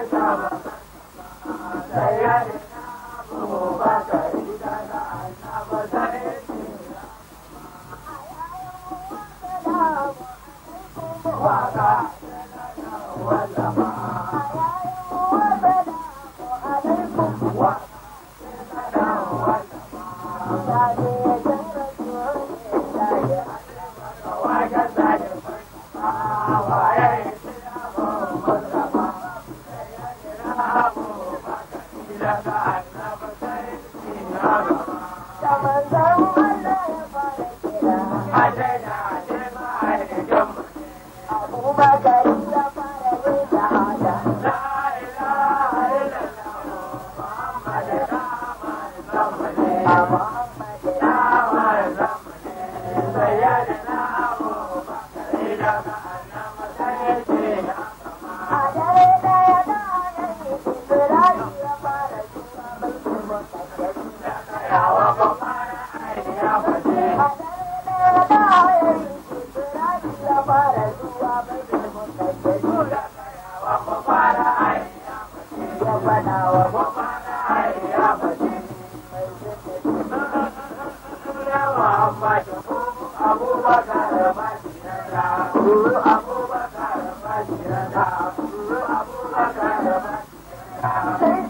Waka, waka, waka, waka, waka, Come Sama-sama Thank you.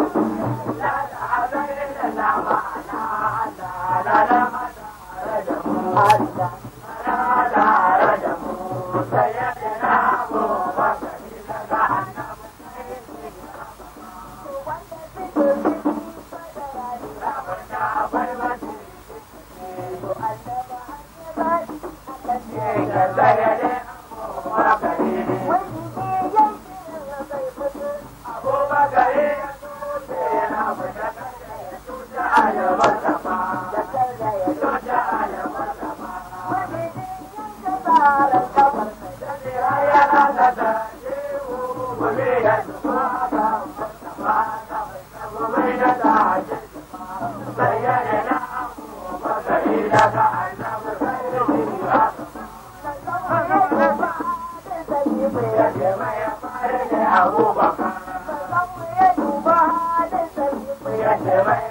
Yeah, man.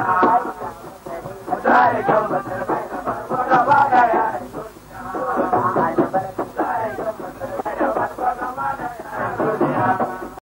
ॿुधाए जाम